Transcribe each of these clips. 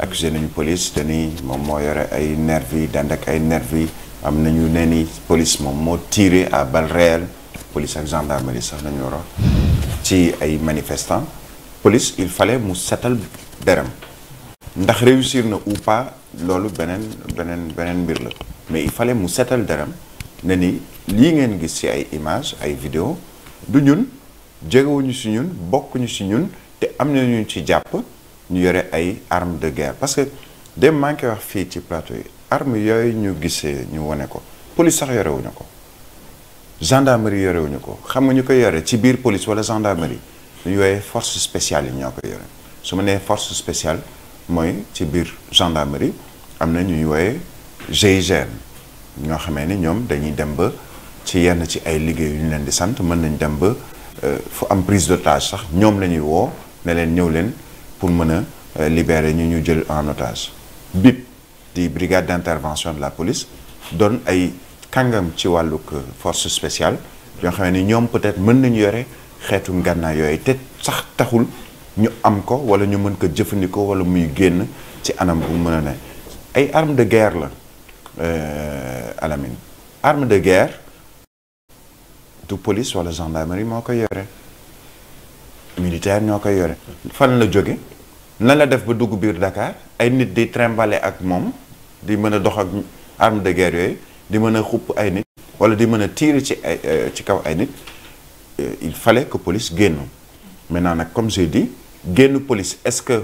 accusé nañu police dañuy moom moo yore ay nervi dand ak ay nervi am nañu ne ni police moom moo tiré à balles réelles police ak gendarmerie sax nañu war ci ay manifestant police il fallait mu setal deram ndax réussir na ou loolu beneen beneen beneen mbir la mais il fale mu setal deram ne ni lii ngeen gis ci ay images ay vidéo du ñun jegewuñu ci ñun bokkuñu ci ñun te am nañu ci jàpp ñu yore ay arme de guerre parce que dem maa ngi koy wax fii ci plateau yi armes yooyu ñu gisee ñu wane ko police sax yorewuñu ko gendarmerie yorewuñu ko xam nga ñu koy yore ci biir police wala gendarmerie ñu yooyee force spéciale yi ñoo koy yore su ma nee force spéciale mooy ci biir gendarmerie am na ñuy wooyee GIGN ñoo xamee ni ñoom dañuy dem ba ci yenn ci ay liggéey yu ñu leen di sant mën nañ dem ba euh, fu am prise d'otage sax ñoom la ñuy woo ne leen ñëw leen pour mën a euh, libérer ñu ñu jël en otage BIP di brigade d'intervention de la police doon ay kàngam ci wàllug euh, force spéciale yoo xam ne ñoom peut-être mën nañu yore xeetu ngànnaay yooyu te sax taxul ñu am ko wala ñu mën ko jëfandikoo wala muy génn ci anam bu mën a ne ay armes de guerre la euh, Alamine arme de guerre du police wala gendarmerie moo ko yore militaire ñoo koy yore fan la jóge nan la def ba dugg biir Dakar ay nit di trimbale ak moom di mën a dox ak arme de guerre di mën a xupp ay nit wala di mën a tiir ci ay euh, ci kaw ay nit euh, il fallait que police génn maintenant nag comme j'ai di génn police est-ce que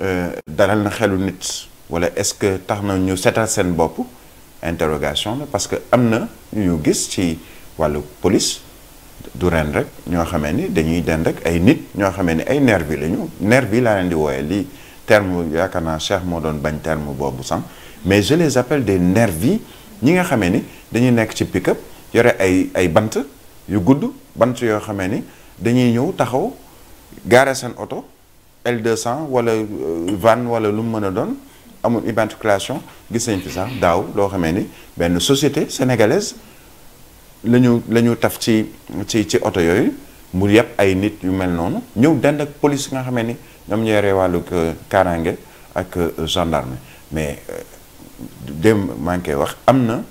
euh, dalal na xelu nit wala est-ce que tax na ñu setal seen bopp interrogation la parce que am na ñu gis ci wàllu police du ren rek ñoo xamee ni dañuy den rek ay nit ñoo xamee ni ay nervi lañu nervi laa leen di wooye lii terme yaakaar naa Cheikh moo doon bañ terme boobu sànq mais je les appelle des nervi ñi nga xamee ni dañuy nekk ci pick-up yore ay ay bant yu gudd bant yoo xamee ni dañuy ñëw taxaw gaare seen oto L200 wala euh, van wala lu mu mën a doon amul immatriculation gis nañ fi sax daaw loo xamee ni benn société sénégalaise la ñu la ñu taf ci ci ci oto yooyu mu yëpp ay nit yu mel noonu ñëw dend ak police nga xamee ni ñoom ñoo yore wàllu euh, kaaraange ak euh, gendarme mais euh, de maa ngi koy wax am na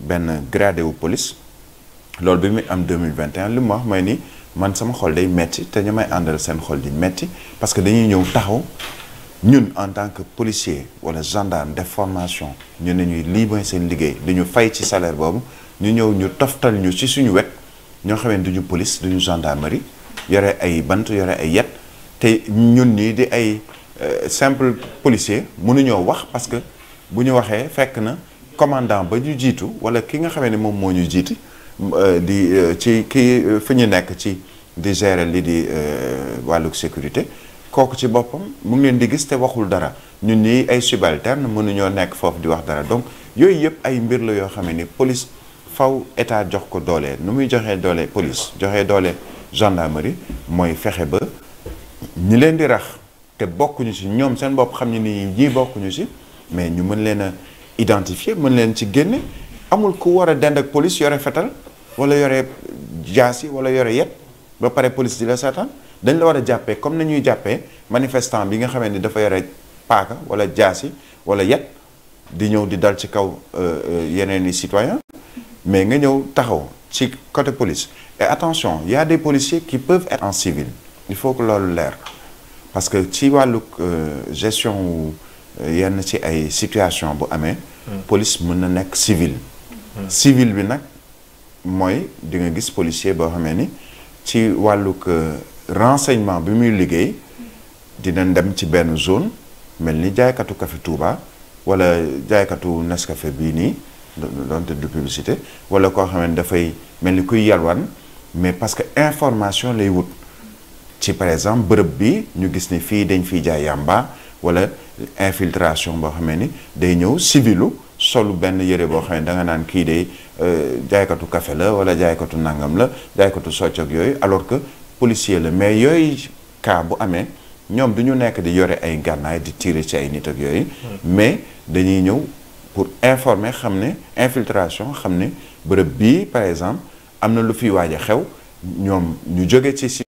benn gradé wu police loolu bi muy am 2021 li mu wax mooy nii man sama xol day metti te ñu may àndal seen xol di metti parce que dañuy ñëw taxaw ñun en tant que policier wala gendarme de formation ñu ne ñuy lii mooy seen liggéey di ñu fay ci salaire boobu ñu ñëw ñu toftal ñu ci suñu wet ñoo xamee duñu police duñu gendarmerie yore ay bant yore ay yet te ñun ñii di ay euh, simple policier mënuñoo wax parce que bu ñu waxee fekk na commandant ba ñu jiitu wala ki nga xamee ne moom moo ñu jiiti euh, di euh, ci kii fi ñu nekk ci di gérer li di wàlluk sécurité kooku ci boppam mu ngi leen di gis te waxul dara ñun ñii ay subalterne mënuñoo nekk foofu di wax dara donc yooyu yëpp ay mbir la yoo xam ne ni police faw état jox ko doole nu muy joxe doole police joxee doole gendarmerie mooy fexe ba ñi leen di rax te bokkuñu ci ñoom seen bopp xam ne ni ñii bokkuñu ci mais ñu mën leen a identifier mën leen ci génne amul ku war a dend ak police yore fetal wala yore jaasi wala yore yet ba pare police di la seetaan dañ la war a jàppee comme ni ñuy jàppee manifestant bi nga xamee ni dafa yore paaka wala jaasi wala yet di ñëw di dal ci kaw euh, euh, yeneen i citoyen mais nga ñëw taxaw ci côté police attention il y des policiers qui peuvent être en civil il faut que loolu leer parce que ci wàllu euh, gestion wu euh, yenn ci ay situation bu amee hmm. police mën na nekk civil hmm. civil bi nag mooy di nga gis policier boo xamee ni ci wàllug euh, renseignement bi muy liggéey dina dem ci benn zone mel ni jaaykatu café Touba wala jaaykatu Nescafé bii nii donte du publicité wala koo xam ne dafay mel ni kuy yalwaan mais parce que information lay wut ci par exemple bërëb bi ñu gis ni fii dañ fiy jaay yàmba wala infiltration boo xam ni day ñëw civilu solu benn yëre boo xam ne da nga naan kii de euh, jaaykatu kafe la wala jaaykatu nangam la jaaykatu soccoog yooyu alors que policier la mais yooyu cas bu amee ñoom du ñu nekk di yore ay gànnaay di tirer ci ay nit ak yooyu mais dañuy ñëw pour informer xam ne infiltration xam ne bërëb bii par exemple am na lu fiy waaj a xew ñoom ñu jóge ci